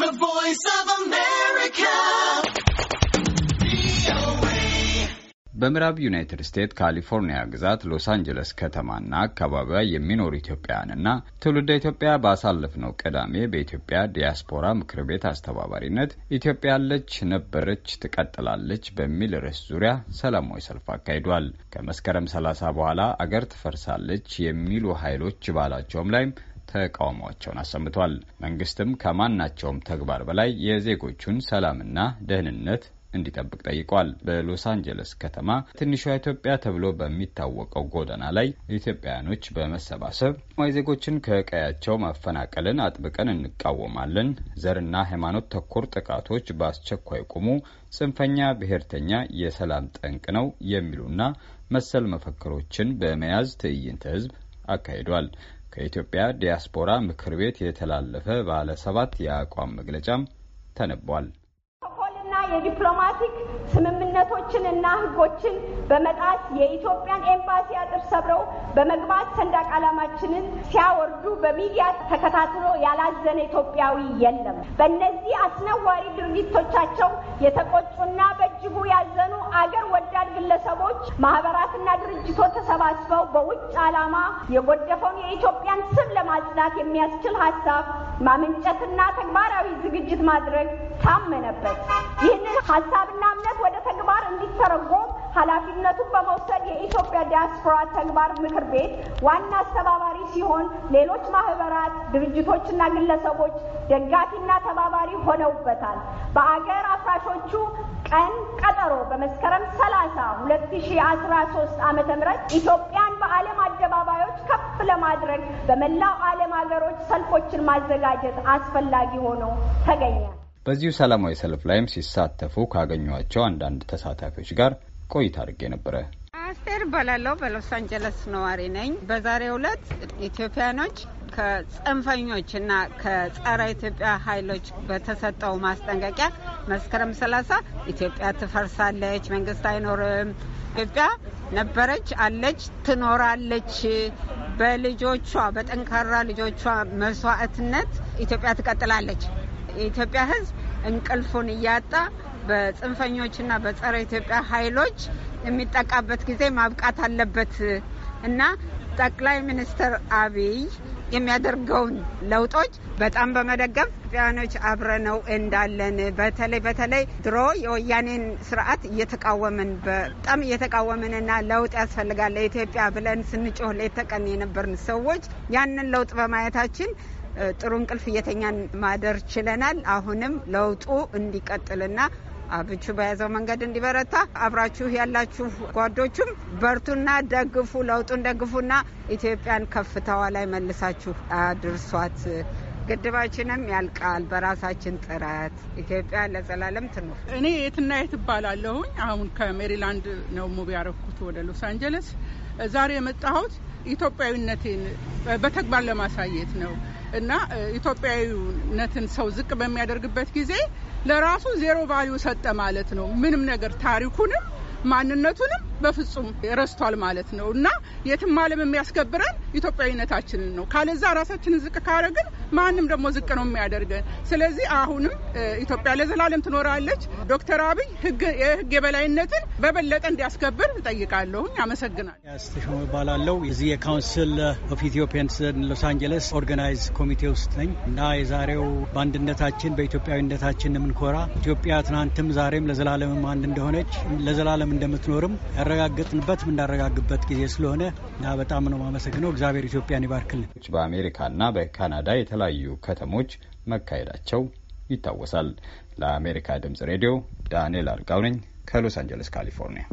The Voice of America. በምዕራብ ዩናይትድ ስቴትስ ካሊፎርኒያ ግዛት ሎስ አንጀለስ ከተማና አካባቢዋ የሚኖሩ ኢትዮጵያውያንና ትውልደ ኢትዮጵያ ባሳለፍነው ቅዳሜ በኢትዮጵያ ዲያስፖራ ምክር ቤት አስተባባሪነት ኢትዮጵያ አለች፣ ነበረች፣ ትቀጥላለች በሚል ርዕስ ዙሪያ ሰላማዊ ሰልፍ አካሂዷል። ከመስከረም ሰላሳ በኋላ አገር ትፈርሳለች የሚሉ ኃይሎች ባላቸውም ላይም ተቃውሟቸውን አሰምቷል። መንግስትም ከማናቸውም ተግባር በላይ የዜጎቹን ሰላምና ደህንነት እንዲጠብቅ ጠይቋል። በሎስ አንጀለስ ከተማ ትንሿ ኢትዮጵያ ተብሎ በሚታወቀው ጎዳና ላይ ኢትዮጵያውያኖች በመሰባሰብ ዜጎችን ከቀያቸው ማፈናቀልን አጥብቀን እንቃወማለን፣ ዘርና ሃይማኖት ተኮር ጥቃቶች በአስቸኳይ ቁሙ፣ ጽንፈኛ ብሔርተኛ የሰላም ጠንቅ ነው የሚሉና መሰል መፈክሮችን በመያዝ ትዕይንተ ህዝብ አካሂዷል። ከኢትዮጵያ ዲያስፖራ ምክር ቤት የተላለፈ ባለ ሰባት የአቋም መግለጫም ተነቧል። የዲፕሎማቲክ ስምምነቶችን እና ህጎችን በመጣስ የኢትዮጵያን ኤምባሲ አጥር ሰብረው በመግባት ሰንደቅ ዓላማችንን ሲያወርዱ በሚዲያ ተከታትሎ ያላዘነ ኢትዮጵያዊ የለም። በእነዚህ አስነዋሪ ድርጊቶቻቸው የተቆጩና በእጅጉ ያዘኑ አገር ወዳድ ግለሰቦች፣ ማህበራትና ድርጅቶች ተሰባስበው በውጭ ዓላማ የጎደፈውን የኢትዮጵያን ስም ለማጽዳት የሚያስችል ሀሳብ ማመንጨትና ተግባራዊ ዝግጅት ማድረግ ታመነበት። ይህ ይህንን ሀሳብና እምነት ወደ ተግባር እንዲተረጎም ኃላፊነቱን በመውሰድ የኢትዮጵያ ዲያስፖራ ተግባር ምክር ቤት ዋና አስተባባሪ ሲሆን ሌሎች ማህበራት፣ ድርጅቶችና ግለሰቦች ደጋፊና ተባባሪ ሆነውበታል። በአገር አፍራሾቹ ቀን ቀጠሮ በመስከረም 30 2013 ዓ.ም ኢትዮጵያን በዓለም አደባባዮች ከፍ ለማድረግ በመላው ዓለም ሀገሮች ሰልፎችን ማዘጋጀት አስፈላጊ ሆኖ ተገኘ። በዚሁ ሰላማዊ ሰልፍ ላይም ሲሳተፉ ካገኟቸው አንዳንድ ተሳታፊዎች ጋር ቆይታ አድርጌ ነበረ። አስቴር በላለው በሎስ አንጀለስ ነዋሪ ነኝ። በዛሬው ዕለት ኢትዮጵያኖች ከጽንፈኞች እና ከጸረ ኢትዮጵያ ኃይሎች በተሰጠው ማስጠንቀቂያ መስከረም ሰላሳ ኢትዮጵያ ትፈርሳለች፣ መንግስት አይኖርም፣ ኢትዮጵያ ነበረች፣ አለች፣ ትኖራለች፣ በልጆቿ በጠንካራ ልጆቿ መስዋዕትነት ኢትዮጵያ ትቀጥላለች የኢትዮጵያ ህዝብ እንቅልፉን እያጣ በጽንፈኞችና በጸረ ኢትዮጵያ ኃይሎች የሚጠቃበት ጊዜ ማብቃት አለበት እና ጠቅላይ ሚኒስትር አብይ የሚያደርገውን ለውጦች በጣም በመደገፍ ኢትዮጵያኖች አብረነው እንዳለን በተለይ በተለይ ድሮ የወያኔን ስርዓት እየተቃወምን በጣም እየተቃወምንና ለውጥ ያስፈልጋል ለኢትዮጵያ ብለን ስንጮህ ለየተቀን የነበርን ሰዎች ያንን ለውጥ በማየታችን ጥሩ እንቅልፍ እየተኛን ማደር ችለናል። አሁንም ለውጡ እንዲቀጥልና አብቹ በያዘው መንገድ እንዲበረታ አብራችሁ ያላችሁ ጓዶችም በርቱና ደግፉ፣ ለውጡን ደግፉና ኢትዮጵያን ከፍታዋ ላይ መልሳችሁ አድርሷት። ግድባችንም ያልቃል በራሳችን ጥረት። ኢትዮጵያ ለዘላለም ትኑር። እኔ የትና የት እባላለሁኝ። አሁን ከሜሪላንድ ነው ሙቪ ያረኩት ወደ ሎስ አንጀለስ። ዛሬ የመጣሁት ኢትዮጵያዊነቴን በተግባር ለማሳየት ነው። እና ኢትዮጵያዊነትን ሰው ዝቅ በሚያደርግበት ጊዜ ለራሱ ዜሮ ቫሊዩ ሰጠ ማለት ነው። ምንም ነገር ታሪኩንም ማንነቱንም በፍጹም ረስቷል ማለት ነው እና የትም ዓለም የሚያስከብረን ኢትዮጵያዊነታችንን ነው። ካለዛ ራሳችንን ዝቅ ካደረግን ማንም ደግሞ ዝቅ ነው የሚያደርገን። ስለዚህ አሁንም ኢትዮጵያ ለዘላለም ትኖራለች። ዶክተር አብይ የህግ የበላይነትን በበለጠ እንዲያስከብር እጠይቃለሁ። አመሰግናል። እዚህ የካውንስል ኦፍ ኢትዮጵያን ሎስ አንጀለስ ኦርጋናይዝ ኮሚቴ ውስጥ ነኝ እና የዛሬው በአንድነታችን በኢትዮጵያዊነታችን የምንኮራ ኢትዮጵያ ትናንትም ዛሬም ለዘላለምም አንድ እንደሆነች ለዘላለም እንደምትኖርም ያረጋገጥንበት የምናረጋግበት ጊዜ ስለሆነ በጣም ነው ማመሰግነው። እግዚአብሔር ኢትዮጵያን ይባርክልን። በአሜሪካና በካናዳ የተለያዩ ከተሞች መካሄዳቸው ይታወሳል። ለአሜሪካ ድምጽ ሬዲዮ ዳንኤል አርጋው ነኝ ከሎስ አንጀለስ ካሊፎርኒያ።